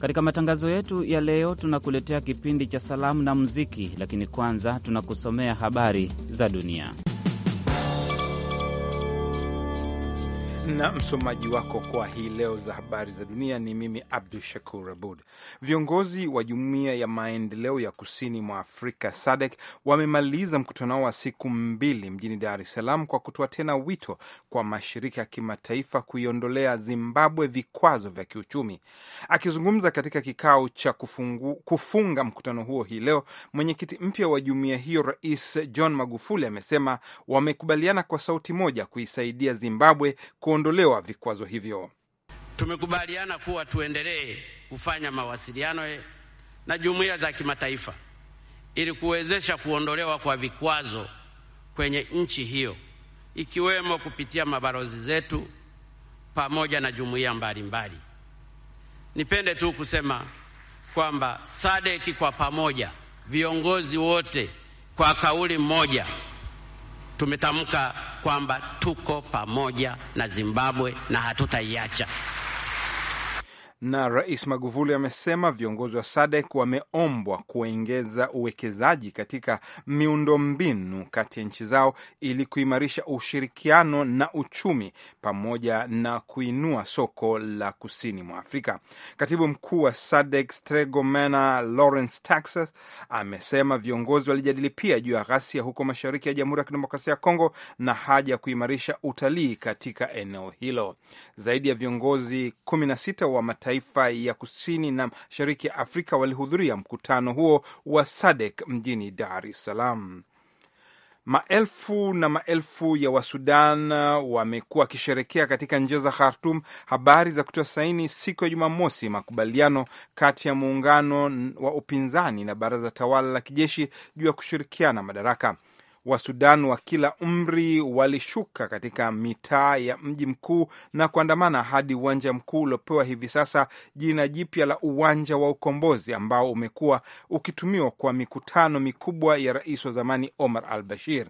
Katika matangazo yetu ya leo, tunakuletea kipindi cha salamu na muziki, lakini kwanza tunakusomea habari za dunia. na msomaji wako kwa hii leo za habari za dunia ni mimi Abdu Shakur Abud. Viongozi wa Jumuiya ya Maendeleo ya Kusini mwa Afrika SADC wamemaliza mkutano wa siku mbili mjini Dar es Salaam kwa kutoa tena wito kwa mashirika ya kimataifa kuiondolea Zimbabwe vikwazo vya kiuchumi. Akizungumza katika kikao cha kufungu, kufunga mkutano huo hii leo, mwenyekiti mpya wa jumuiya hiyo Rais John Magufuli amesema wamekubaliana kwa sauti moja kuisaidia Zimbabwe ku kuondolewa vikwazo hivyo. Tumekubaliana kuwa tuendelee kufanya mawasiliano na jumuiya za kimataifa ili kuwezesha kuondolewa kwa vikwazo kwenye nchi hiyo ikiwemo kupitia mabalozi zetu pamoja na jumuiya mbalimbali. Nipende tu kusema kwamba SADC kwa pamoja, viongozi wote kwa kauli moja tumetamka kwamba tuko pamoja na Zimbabwe na hatutaiacha na Rais Magufuli amesema viongozi wa SADC wameombwa kuongeza uwekezaji katika miundombinu kati ya nchi zao ili kuimarisha ushirikiano na uchumi pamoja na kuinua soko la kusini mwa Afrika. Katibu mkuu wa SADC Stregomena Lawrence Taxas amesema viongozi walijadili pia juu ya ghasia huko mashariki ya Jamhuri ya Kidemokrasia ya Kongo na haja ya kuimarisha utalii katika eneo hilo. Zaidi ya viongozi 16 wa mataifa mataifa ya kusini na mashariki ya Afrika walihudhuria mkutano huo wa SADC mjini Dar es Salaam. Maelfu na maelfu ya Wasudan wamekuwa wakisherekea katika njia za Khartum habari za kutoa saini siku ya Jumamosi makubaliano kati ya muungano wa upinzani na baraza tawala la kijeshi juu ya kushirikiana madaraka wa Sudan wa kila umri walishuka katika mitaa ya mji mkuu na kuandamana hadi uwanja mkuu uliopewa hivi sasa jina jipya la Uwanja wa Ukombozi, ambao umekuwa ukitumiwa kwa mikutano mikubwa ya rais wa zamani Omar al Bashir.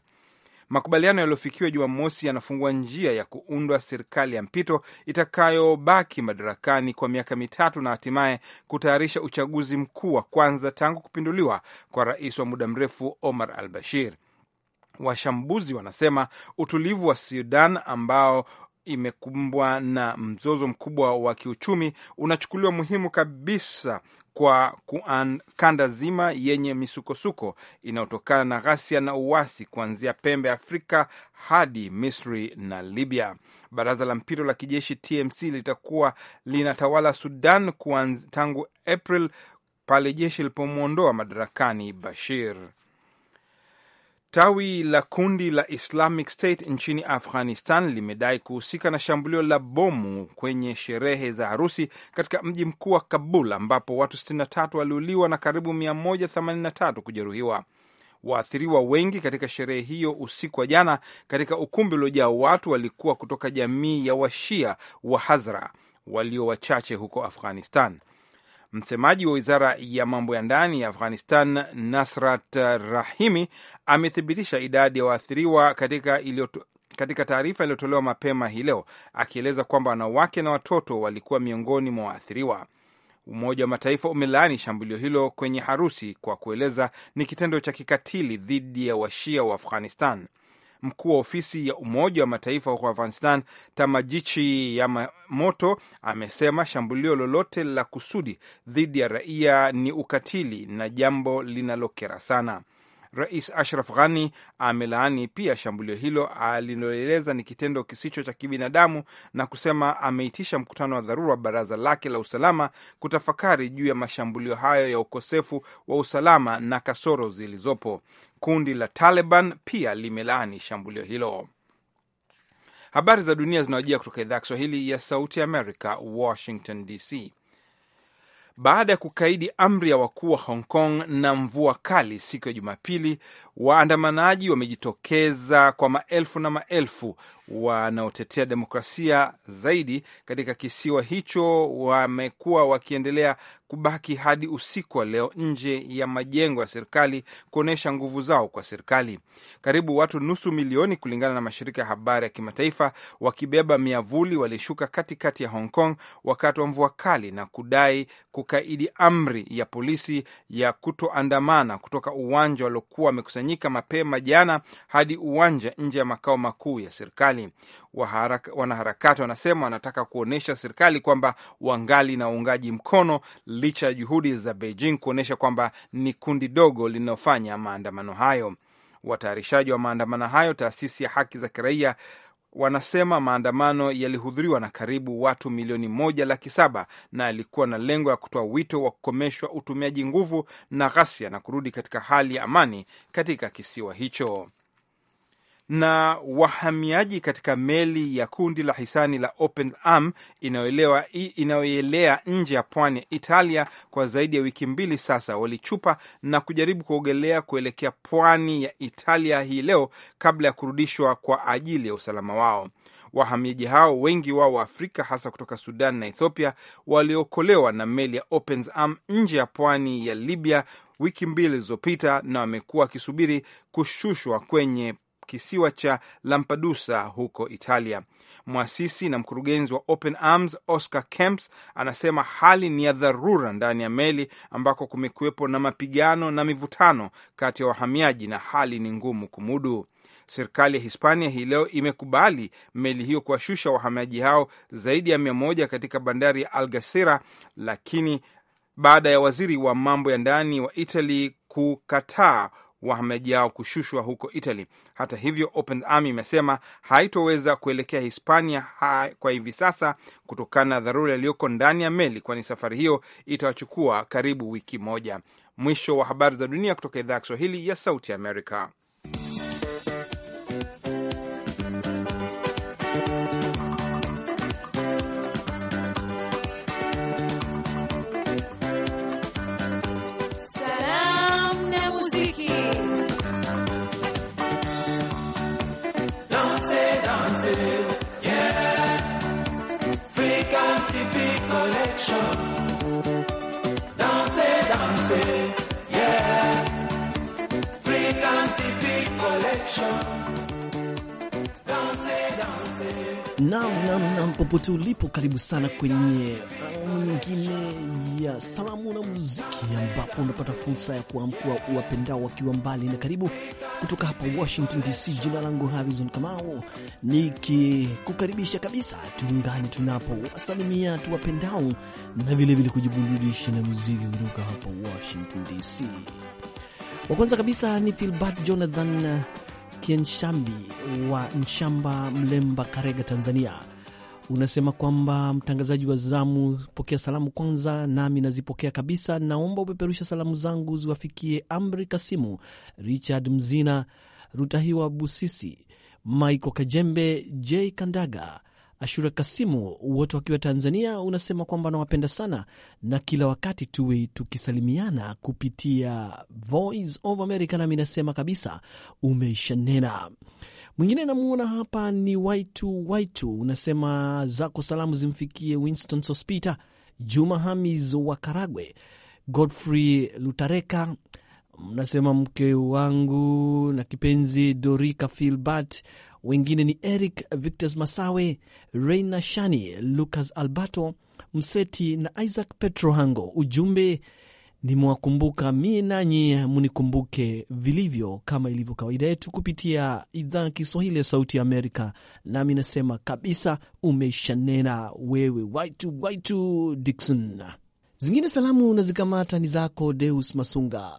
Makubaliano yaliyofikiwa Jumamosi yanafungua njia ya kuundwa serikali ya mpito itakayobaki madarakani kwa miaka mitatu na hatimaye kutayarisha uchaguzi mkuu wa kwanza tangu kupinduliwa kwa rais wa muda mrefu Omar al Bashir. Washambuzi wanasema utulivu wa Sudan ambao imekumbwa na mzozo mkubwa wa kiuchumi unachukuliwa muhimu kabisa kwa kanda zima yenye misukosuko inayotokana na ghasia na uasi kuanzia pembe ya Afrika hadi Misri na Libya. Baraza la mpito la kijeshi TMC litakuwa linatawala Sudan tangu April pale jeshi lilipomwondoa madarakani Bashir. Tawi la kundi la Islamic State nchini Afghanistan limedai kuhusika na shambulio la bomu kwenye sherehe za harusi katika mji mkuu wa Kabul ambapo watu 63 waliuliwa na karibu 183 kujeruhiwa. Waathiriwa wengi katika sherehe hiyo usiku wa jana katika ukumbi uliojaa watu walikuwa kutoka jamii ya Washia wa Hazra walio wachache huko Afghanistan. Msemaji wa wizara ya mambo ya ndani ya Afghanistan, Nasrat Rahimi, amethibitisha idadi ya waathiriwa katika ilio katika taarifa iliyotolewa mapema hii leo akieleza kwamba wanawake na watoto walikuwa miongoni mwa waathiriwa. Umoja wa Mataifa umelaani shambulio hilo kwenye harusi kwa kueleza ni kitendo cha kikatili dhidi ya washia wa Afghanistan mkuu wa ofisi ya Umoja wa Mataifa huko Afghanistan, Tamajichi ya moto amesema shambulio lolote la kusudi dhidi ya raia ni ukatili na jambo linalokera sana. Rais Ashraf Ghani amelaani pia shambulio hilo aliloeleza ni kitendo kisicho cha kibinadamu na kusema ameitisha mkutano wa dharura wa baraza lake la usalama kutafakari juu ya mashambulio hayo ya ukosefu wa usalama na kasoro zilizopo. Kundi la Taliban pia limelaani shambulio hilo. Habari za dunia zinawajia kutoka idhaa ya Kiswahili ya Sauti ya Amerika, Washington DC. Baada ya kukaidi amri ya wakuu wa Hong Kong na mvua kali siku ya Jumapili, waandamanaji wamejitokeza kwa maelfu na maelfu wanaotetea demokrasia zaidi katika kisiwa hicho wamekuwa wakiendelea kubaki hadi usiku wa leo nje ya majengo ya serikali kuonyesha nguvu zao kwa serikali. Karibu watu nusu milioni, kulingana na mashirika ya habari ya kimataifa, wakibeba miavuli walishuka katikati ya Hong Kong wakati wa mvua kali na kudai kukaidi amri ya polisi ya kutoandamana kutoka uwanja waliokuwa wamekusanyika mapema jana hadi uwanja nje ya makao makuu ya serikali serikali. Wanaharakati wanasema wanataka kuonyesha serikali kwamba wangali na uungaji mkono licha ya juhudi za Beijing kuonyesha kwamba ni kundi dogo linalofanya maandamano hayo. Watayarishaji wa maandamano hayo, taasisi ya haki za kiraia wanasema maandamano yalihudhuriwa na karibu watu milioni moja laki saba na yalikuwa na lengo ya kutoa wito wa kukomeshwa utumiaji nguvu na ghasia na kurudi katika hali ya amani katika kisiwa hicho na wahamiaji katika meli ya kundi la hisani la Open Arm inayoelea nje ya pwani ya Italia kwa zaidi ya wiki mbili sasa, walichupa na kujaribu kuogelea kuelekea pwani ya Italia hii leo kabla ya kurudishwa kwa ajili ya usalama wao. Wahamiaji hao wengi wao wa Afrika hasa kutoka Sudan na Ethiopia waliokolewa na meli ya Open Arm nje ya pwani ya Libya wiki mbili zilizopita na wamekuwa wakisubiri kushushwa kwenye kisiwa cha Lampedusa huko Italia. Mwasisi na mkurugenzi wa Open Arms Oscar Camps anasema hali ni ya dharura ndani ya meli ambako kumekuwepo na mapigano na mivutano kati ya wahamiaji na hali ni ngumu kumudu. Serikali ya Hispania hii leo imekubali meli hiyo kuwashusha wahamiaji hao zaidi ya mia moja katika bandari ya Algeciras, lakini baada ya waziri wa mambo ya ndani wa Italy kukataa wa hao Yao kushushwa huko Italy. Hata hivyo, Open Army imesema haitoweza kuelekea Hispania ha kwa hivi sasa kutokana na dharura iliyoko ndani ya meli, kwani safari hiyo itawachukua karibu wiki moja. Mwisho wa habari za dunia kutoka idhaa ya Kiswahili ya Sauti Amerika. Nam nam nam, popote ulipo, karibu sana kwenye awamu um, nyingine ya salamu na muziki, ambapo unapata fursa ya kuamkua uwapendao wakiwa mbali na karibu, kutoka hapa Washington DC. Jina langu Harrison Kamau, nikikukaribisha kabisa, tuungane tunapo wasalimia tuwapendao na vilevile kujiburudisha na muziki kutoka hapa Washington DC. Wa kwanza kabisa ni Filbert Jonathan Kienshambi wa Nshamba, Mlemba, Karega, Tanzania, unasema kwamba mtangazaji wa zamu, pokea salamu kwanza, nami nazipokea kabisa. Naomba upeperusha salamu zangu ziwafikie Amri Kasimu, Richard Mzina, Rutahiwa Busisi, Maiko Kajembe, J Kandaga, Ashura Kasimu, wote wakiwa Tanzania, unasema kwamba nawapenda sana na kila wakati tuwe tukisalimiana kupitia Voice of America, nami nasema kabisa umeshanena. Mwingine namuona hapa ni Waitu Waitu, unasema zako salamu zimfikie Winston Sospita, Juma Hamis wa Karagwe, Godfrey Lutareka, mnasema mke wangu na kipenzi Dorika Filbert wengine ni Eric Victos Masawe, Reina Shani, Lucas albato Mseti na Isaac Petro Hango. Ujumbe nimewakumbuka mie, nanyi munikumbuke vilivyo, kama ilivyo kawaida yetu kupitia idhaa ya Kiswahili ya Sauti ya Amerika. Nami nasema kabisa, umeshanena wewe, waitu waitu Dikson. Zingine salamu na zikamata ni zako Deus Masunga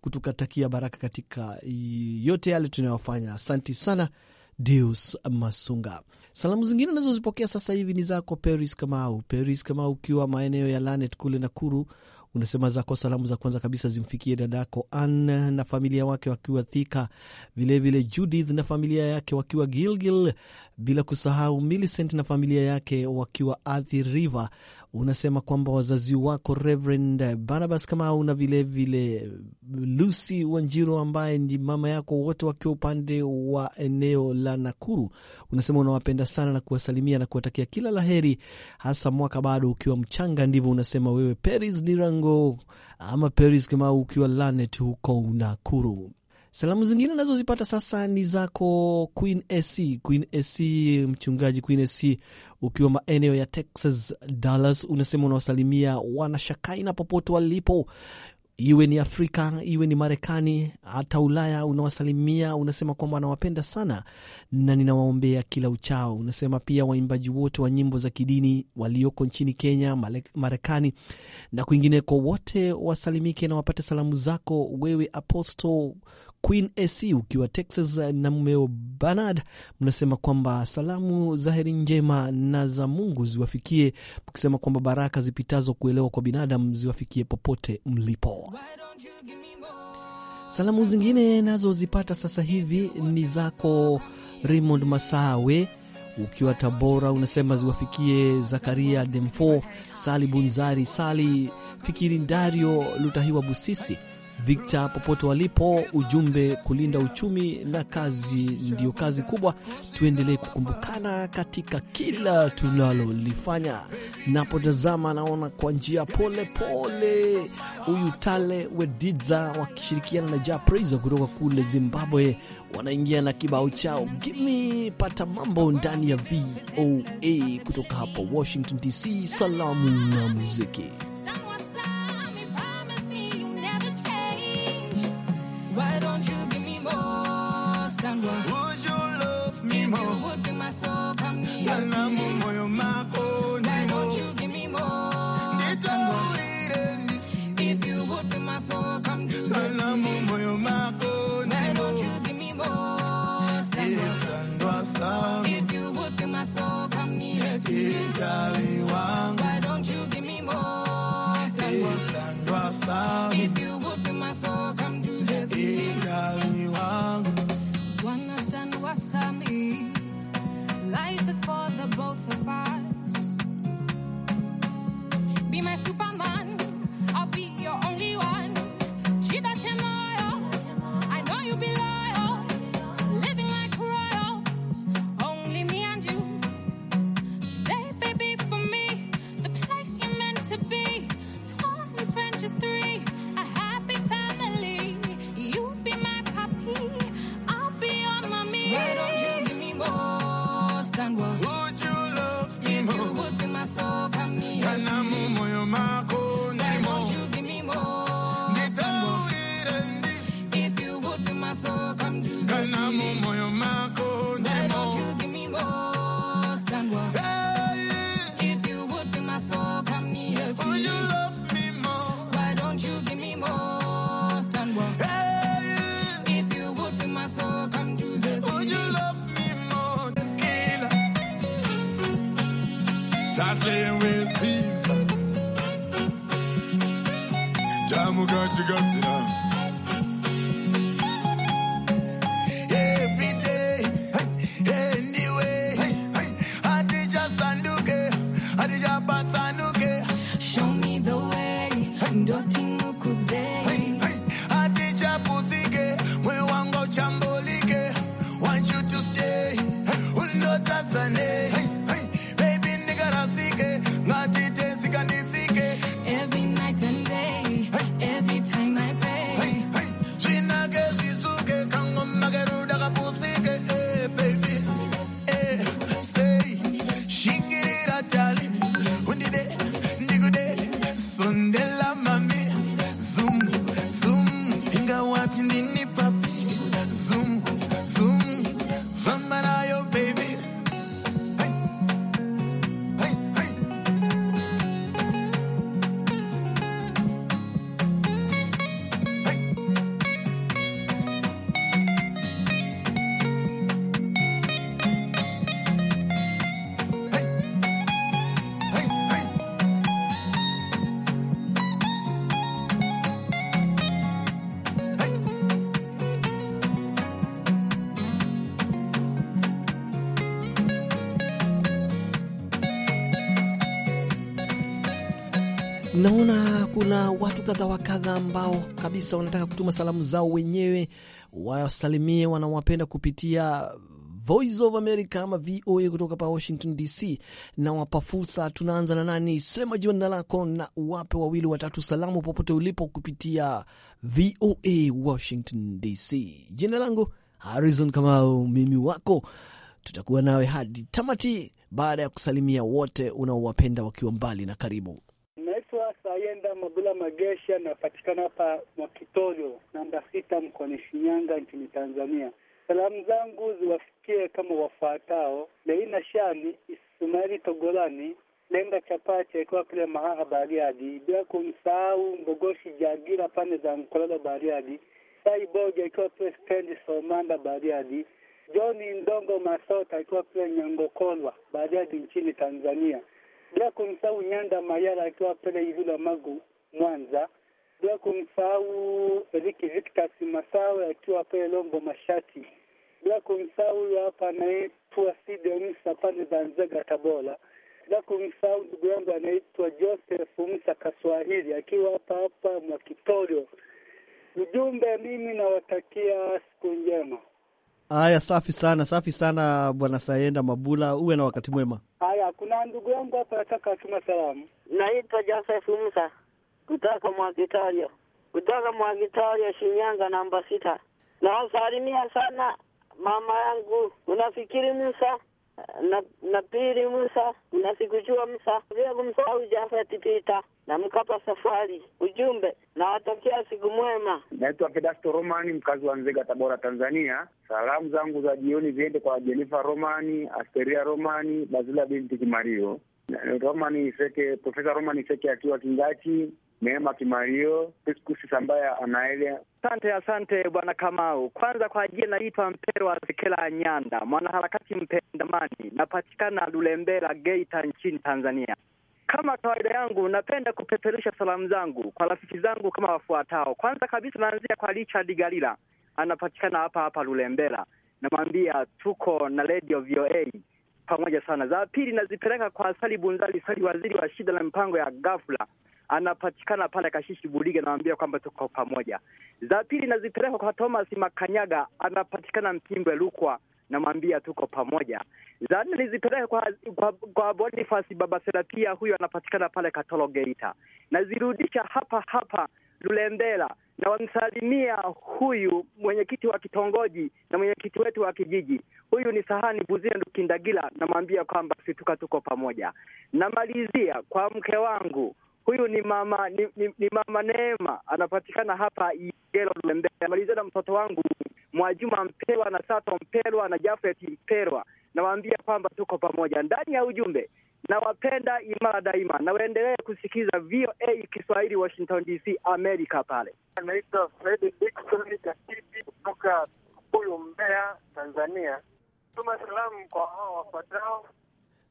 kutukatakia baraka katika yote yale tunayofanya. Asanti sana Deus Masunga. Salamu zingine nazozipokea sasa hivi ni zako Peris Kamau. Peris Kamau, ukiwa maeneo ya Lanet kule Nakuru, unasema zako salamu za kwanza kabisa zimfikie dadako Ann na familia wake wakiwa Thika, vilevile Judith na familia yake wakiwa Gilgil, bila kusahau Millicent na familia yake wakiwa Athi River, unasema kwamba wazazi wako Reverend Barnabas Kamau na vilevile Lucy Wanjiro ambaye ni mama yako, wote wakiwa upande wa eneo la Nakuru, unasema unawapenda sana na kuwasalimia na kuwatakia kila laheri, hasa mwaka bado ukiwa mchanga. Ndivyo unasema wewe Peris Dirango ama Peris Kamau ukiwa Lanet huko Nakuru. Salamu zingine nazozipata sasa ni zako Queen AC, Queen AC, mchungaji Queen AC, ukiwa maeneo ya Texas, Dallas, unasema unawasalimia wanashakaina popote walipo, iwe ni Afrika, iwe ni Marekani, hata Ulaya. Unawasalimia, unasema kwamba anawapenda sana na ninawaombea kila uchao. Unasema pia waimbaji wote wa nyimbo za kidini walioko nchini Kenya, Marekani na kwingineko, wote wasalimike na wapate salamu zako wewe Apostle Queen AC ukiwa Texas na mmeo Bernard, mnasema kwamba salamu za heri njema na za Mungu ziwafikie, mkisema kwamba baraka zipitazo kuelewa kwa binadamu ziwafikie popote mlipo. Salamu zingine nazozipata sasa hivi ni zako Raymond Masawe ukiwa Tabora, unasema ziwafikie Zakaria Demfo, Sali Bunzari, Sali Fikiri, Dario Lutahiwa Busisi, Victor popote walipo, ujumbe kulinda uchumi na kazi ndiyo kazi kubwa. Tuendelee kukumbukana katika kila tunalolifanya. Napotazama naona kwa njia pole pole, huyu Tale wediza wakishirikiana na Japraiza kutoka kule Zimbabwe wanaingia na kibao chao gimi pata mambo ndani ya VOA kutoka hapa Washington DC. Salamu na muziki. 한번 life is for the both of us. Be my Superman. Naona kuna watu kadha wa kadha ambao kabisa wanataka kutuma salamu zao wenyewe wasalimie wanawapenda kupitia Voice of America ama VOA kutoka pa Washington DC, na wapa fursa. Tunaanza na nani? Sema jina lako na uwape wawili watatu salamu popote ulipo kupitia VOA Washington DC. Jina langu Harrison Kamau, mimi wako, tutakuwa nawe hadi tamati, baada ya kusalimia wote unaowapenda wakiwa mbali na karibu. Magenda Mabula Magesha, napatikana hapa Mwakitorio namba sita mkoani Shinyanga nchini Tanzania. Salamu zangu ziwafikie kama wafuatao: Leina Shani, Ismaili Togolani, Lenga Chapache akiwa kile Mahaha Bariadi, bila kumsahau Mbogoshi Jagira pande za nkololo Bariadi, Sai akiwa kile stendi Somanda Bariadi, Johni Ndongo Masota akiwa kile Nyangokolwa Bariadi nchini Tanzania bila kumsahau Nyanda Mayara akiwa pale Ivula Magu Mwanza, bila kumsahau Eriki Victus Masawe akiwa pale Longo Mashati, bila kumsahau huyo hapa anaitwa Sidemsa pale nzega Tabora, bila kumsahau ndugu yangu anaitwa Joseph msa Kaswahili akiwa hapa hapa Mwakitorio. Ujumbe, mimi nawatakia siku njema. Haya, safi sana, safi sana Bwana Sayenda Mabula, uwe na wakati mwema. Haya, kuna ndugu yangu hapa nataka atuma salamu. Naitwa Joseph Musa kutoka mwakitorio kutoka mwakitorio Shinyanga, namba sita. Nawasalimia sana mama yangu unafikiri Musa na, na pili Musa sikujua Musa bila kumsahau Jafeti Pita na Mkapa Safari. Ujumbe nawatakia siku mwema. Naitwa Pedasto Romani, mkazi wa Nzega, Tabora, Tanzania. Salamu zangu za jioni ziende kwa Jenifa Romani, Asteria Romani, Bazila binti Kimario, Romani Seke, Profesa Romani Seke akiwa Kingati Neema Kimario Priscus ambaye anaelea. Asante, asante bwana Kamau. Kwanza kwa ajili naitwa wa Sekela Nyanda, mwanaharakati mpendamani, napatikana Lulembela, Geita nchini Tanzania. Kama kawaida yangu, napenda kupeperusha salamu zangu kwa rafiki zangu kama wafuatao. Kwanza kabisa naanzia kwa Richard Galila, anapatikana hapa hapa Lulembela, namwambia tuko na Radio VOA pamoja sana. Za pili nazipeleka kwa Sali Bunzali Sali, waziri wa shida na mipango ya ghafla anapatikana pale Kashishi Bulige, namwambia kwamba tuko pamoja. Za pili nazipeleka kwa Thomas Makanyaga, anapatikana Mpimbwe Lukwa, namwambia tuko pamoja. Za nne nizipeleke kwa, kwa, kwa Boniface Babasela, pia huyu anapatikana pale Katoro Geita. Nazirudisha hapa hapa Lulembela na wamsalimia huyu mwenyekiti wa kitongoji na mwenyekiti wetu wa kijiji. Huyu ni Sahani Buzia Ndukindagila, namwambia kwamba situka tuko pamoja. Namalizia kwa mke wangu Huyu ni mama ni, ni, ni mama Neema, anapatikana hapa Igelo Lembea. Amaliza na mtoto wangu Mwajuma Mpelwa na Sato Mpelwa na Jafet Mpelwa, nawaambia kwamba tuko pamoja ndani ya ujumbe. Nawapenda imara daima, nawaendelee kusikiza VOA Kiswahili, Washington DC, America. Pale anaitwa Fredi Dikson Katiti kutoka huyu Mbeya, Tanzania. Tuma salamu kwa hao wafuatao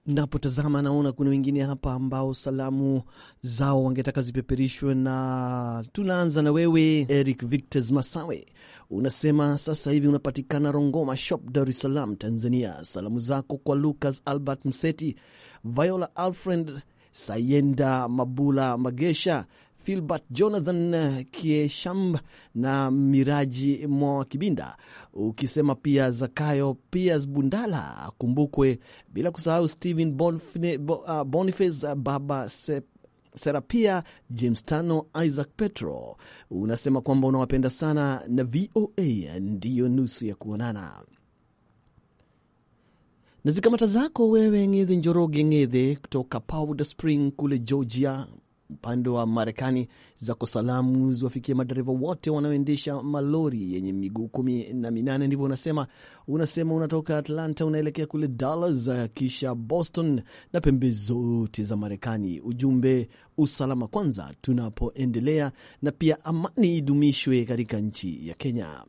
napotazama naona kuna wengine hapa ambao salamu zao wangetaka zipeperishwe, na tunaanza na wewe Eric victos Masawe. Unasema sasa hivi unapatikana Rongoma Shop, Dar es Salaam, Tanzania. Salamu zako kwa Lucas Albert Mseti, Viola Alfred Sayenda Mabula Magesha Filbert Jonathan Kieshamb na Miraji Mwa Kibinda, ukisema pia Zakayo Pias Bundala akumbukwe, bila kusahau Stephen uh, Boniface, Baba Sep Serapia James Tano, Isaac Petro. Unasema kwamba unawapenda sana na VOA ndiyo nusu ya kuonana na zikamata zako. Wewe Ngedhe Njoroge Ngedhe kutoka Powder Spring kule Georgia, upande wa Marekani zako salamu ziwafikie madereva wote wanaoendesha malori yenye miguu kumi na minane, ndivyo unasema. Unasema unatoka Atlanta unaelekea kule Dallas, kisha Boston na pembe zote za Marekani. Ujumbe usalama kwanza tunapoendelea, na pia amani idumishwe katika nchi ya Kenya.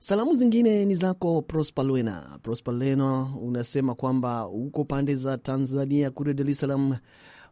Salamu zingine ni zako Prospalwena. Prospalwena unasema kwamba uko pande za Tanzania kule Dar es Salaam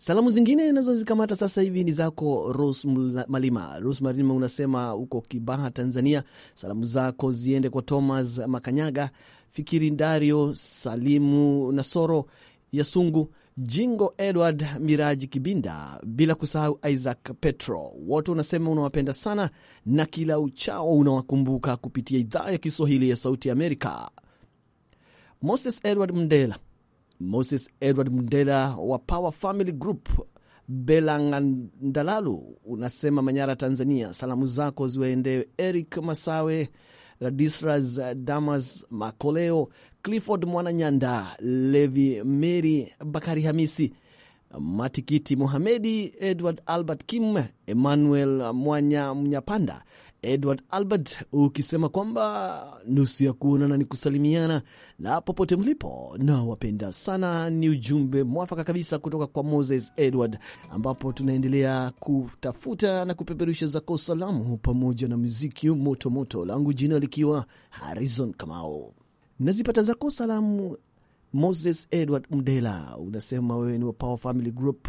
Salamu zingine nazozikamata sasa hivi ni zako Ros Malima. Ros Malima unasema uko Kibaha, Tanzania. Salamu zako ziende kwa Thomas Makanyaga, Fikiri Ndario, Salimu Nasoro, Yasungu Jingo, Edward Miraji Kibinda, bila kusahau Isaac Petro. Wote unasema unawapenda sana na kila uchao unawakumbuka kupitia idhaa ya Kiswahili ya Sauti ya Amerika. Moses Edward Mndela Moses Edward Mdela wa Power Family Group Belangandalalu unasema Manyara, Tanzania. Salamu zako ziwaendee Eric Masawe, Radisras Damas Makoleo, Clifford Mwananyanda, Levi Meri, Bakari Hamisi, Matikiti Mohamedi, Edward Albert Kim, Emmanuel Mwanya Mnyapanda, Edward Albert ukisema kwamba nusu ya kuonana ni kusalimiana, na popote mlipo nawapenda sana. Ni ujumbe mwafaka kabisa kutoka kwa Moses Edward, ambapo tunaendelea kutafuta na kupeperusha zako salamu pamoja na muziki moto moto, langu jina likiwa Harrison Kamao. Nazipata zako salamu Moses Edward Mdela, unasema wewe ni wa Power Family Group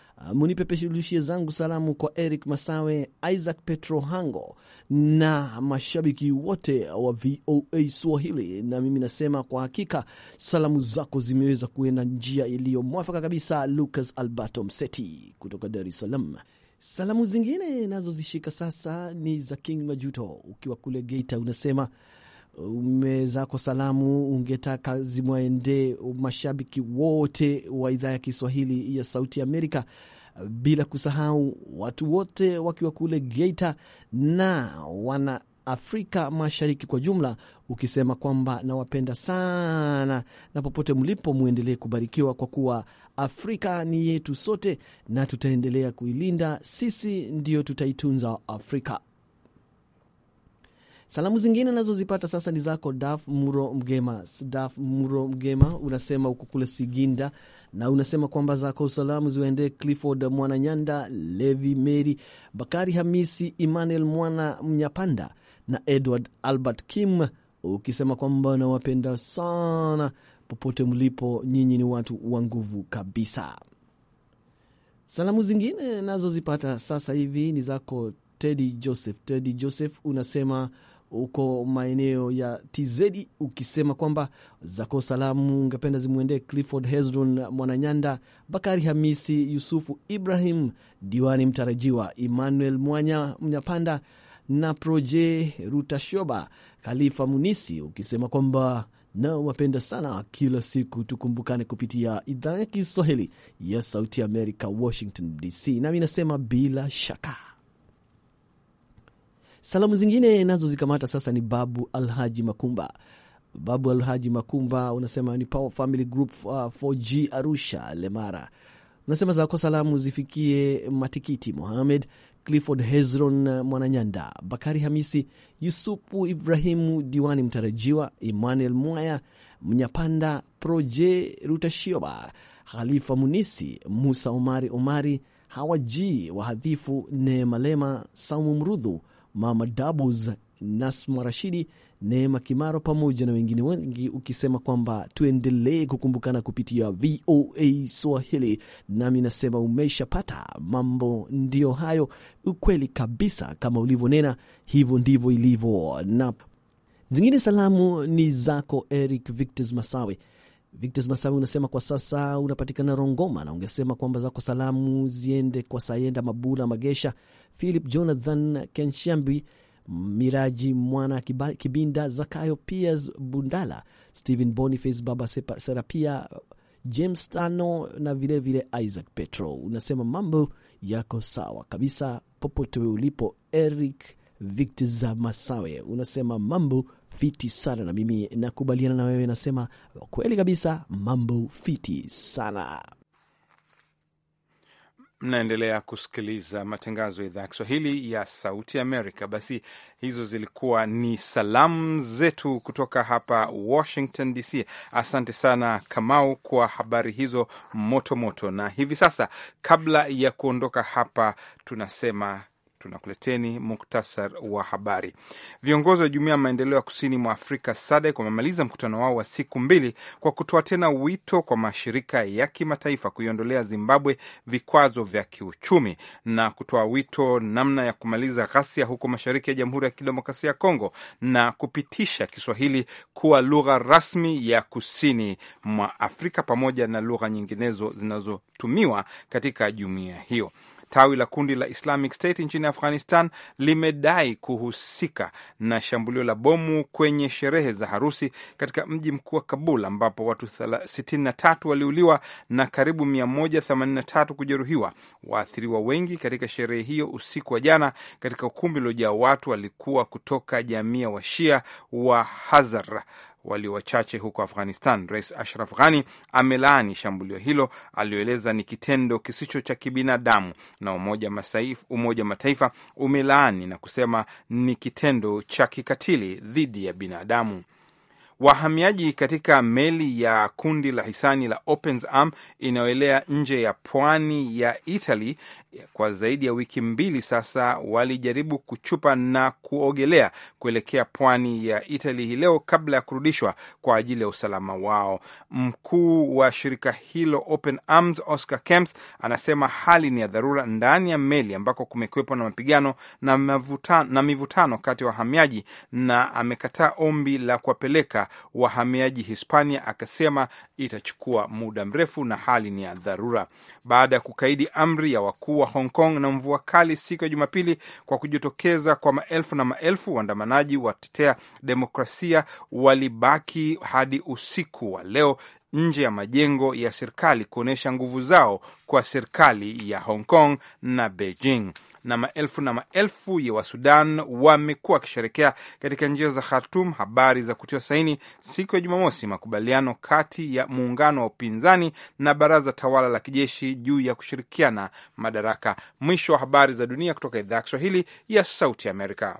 munipepeshulishie zangu salamu kwa Eric Masawe, Isaac Petro Hango na mashabiki wote wa VOA Swahili. Na mimi nasema kwa hakika salamu zako zimeweza kuenda njia iliyomwafaka kabisa. Lucas Alberto Mseti kutoka Dar es Salaam. Salamu zingine nazozishika sasa ni za King Majuto, ukiwa kule Geita, unasema umezako salamu ungetaka zimwaendee mashabiki wote wa idhaa ya Kiswahili ya Sauti Amerika, bila kusahau watu wote wakiwa kule Geita na wana Afrika Mashariki kwa jumla, ukisema kwamba nawapenda sana na popote mlipo mwendelee kubarikiwa, kwa kuwa Afrika ni yetu sote na tutaendelea kuilinda. Sisi ndio tutaitunza Afrika. Salamu zingine nazozipata sasa ni zako Daf Muro Mgema. Daf Muro Mgema unasema uko kule Siginda na unasema kwamba zako salamu ziwaendee Clifford nyanda Levi Meri, Bakari Hamisi, Emmanuel Mwana Mnyapanda na Edward Albert Kim, ukisema kwamba nawapenda sana popote mlipo, nyinyi ni watu wa nguvu kabisa. Salamu zingine nazozipata sasa hivi ni zako Tedi Joseph. Tedi Joseph unasema huko maeneo ya TZ, ukisema kwamba zako salamu ungependa zimwendee Clifford Hezron Mwananyanda, Bakari Hamisi, Yusufu Ibrahim, diwani mtarajiwa Emmanuel Mwanya Mnyapanda na Proje Rutashoba, Khalifa Munisi, ukisema kwamba nao wapenda sana kila siku tukumbukane kupitia idhaa ya Kiswahili ya Sauti ya Amerika, Washington DC. Nami nasema bila shaka Salamu zingine nazo zikamata sasa ni Babu Alhaji Makumba. Babu Alhaji Makumba unasema ni Power Family Group 4G uh, Arusha Lemara. Unasema zako salamu zifikie Matikiti Mohamed, Clifford Hezron uh, Mwananyanda, Bakari Hamisi, yusupu Ibrahimu diwani mtarajiwa, Emmanuel Mwaya Mnyapanda, Proje Rutashioba, Khalifa Munisi, Musa Omari Omari, Hawaji Wahadhifu, Neemalema, Saumu Mrudhu, Mama Dabus, Nasma Rashidi, Neema Kimaro pamoja na wengine wengi, ukisema kwamba tuendelee kukumbukana kupitia VOA Swahili. Nami nasema umeshapata mambo, ndiyo hayo. Ukweli kabisa, kama ulivyonena, hivyo ndivyo ilivyo. Na zingine salamu ni zako Eric Victos Masawe Victos Masawi unasema kwa sasa unapatikana Rongoma, na ungesema kwamba zako salamu ziende kwa Sayenda Mabula Magesha, Philip Jonathan Kenshambi, Miraji Mwana Kibinda, Zakayo Piers Bundala, Stephen Boniface, Baba Serapia, James Tano na vilevile vile Isaac Petro. Unasema mambo yako sawa kabisa popote ulipo. Eric Victor masawe unasema mambo fiti sana, na mimi nakubaliana na wewe, nasema kweli kabisa, mambo fiti sana. Mnaendelea kusikiliza matangazo ya idhaa ya Kiswahili ya Sauti Amerika. Basi hizo zilikuwa ni salamu zetu kutoka hapa Washington DC. Asante sana Kamau kwa habari hizo motomoto moto. Na hivi sasa, kabla ya kuondoka hapa, tunasema Tunakuleteni muktasar wa habari. Viongozi wa Jumuiya ya Maendeleo ya Kusini mwa Afrika SADC wamemaliza mkutano wao wa siku mbili kwa kutoa tena wito kwa mashirika ya kimataifa kuiondolea Zimbabwe vikwazo vya kiuchumi na kutoa wito namna ya kumaliza ghasia huko mashariki ya Jamhuri ya Kidemokrasia ya Kongo na kupitisha Kiswahili kuwa lugha rasmi ya kusini mwa Afrika pamoja na lugha nyinginezo zinazotumiwa katika jumuiya hiyo. Tawi la kundi la Islamic State nchini Afghanistan limedai kuhusika na shambulio la bomu kwenye sherehe za harusi katika mji mkuu wa Kabul ambapo watu 63 waliuliwa na karibu 183 kujeruhiwa. Waathiriwa wengi katika sherehe hiyo usiku wa jana katika ukumbi uliojaa watu walikuwa kutoka jamii ya Washia wa Hazara walio wachache huko Afghanistan. Rais Ashraf Ghani amelaani shambulio hilo aliyoeleza ni kitendo kisicho cha kibinadamu, na Umoja Mataifa, Umoja Mataifa umelaani na kusema ni kitendo cha kikatili dhidi ya binadamu. Wahamiaji katika meli ya kundi la hisani la Open Arms inayoelea nje ya pwani ya Italy kwa zaidi ya wiki mbili sasa walijaribu kuchupa na kuogelea kuelekea pwani ya Italy hii leo kabla ya kurudishwa kwa ajili ya usalama wao. Mkuu wa shirika hilo Open Arms, Oscar Camps, anasema hali ni ya dharura ndani ya meli ambako kumekuwepo na mapigano na mivutano kati ya wahamiaji, na amekataa ombi la kuwapeleka wahamiaji Hispania, akasema itachukua muda mrefu na hali ni ya dharura, baada ya kukaidi amri ya wakuu wa Hong Kong na mvua kali siku ya Jumapili kwa kujitokeza kwa maelfu na maelfu. Waandamanaji watetea demokrasia walibaki hadi usiku wa leo nje ya majengo ya serikali kuonyesha nguvu zao kwa serikali ya Hong Kong na Beijing na maelfu na maelfu ya Wasudan wamekuwa wakisherekea katika njia za Khartum habari za kutiwa saini siku ya Jumamosi makubaliano kati ya muungano wa upinzani na baraza tawala la kijeshi juu ya kushirikiana madaraka. Mwisho wa habari za dunia kutoka idhaa ya Kiswahili ya Sauti Amerika.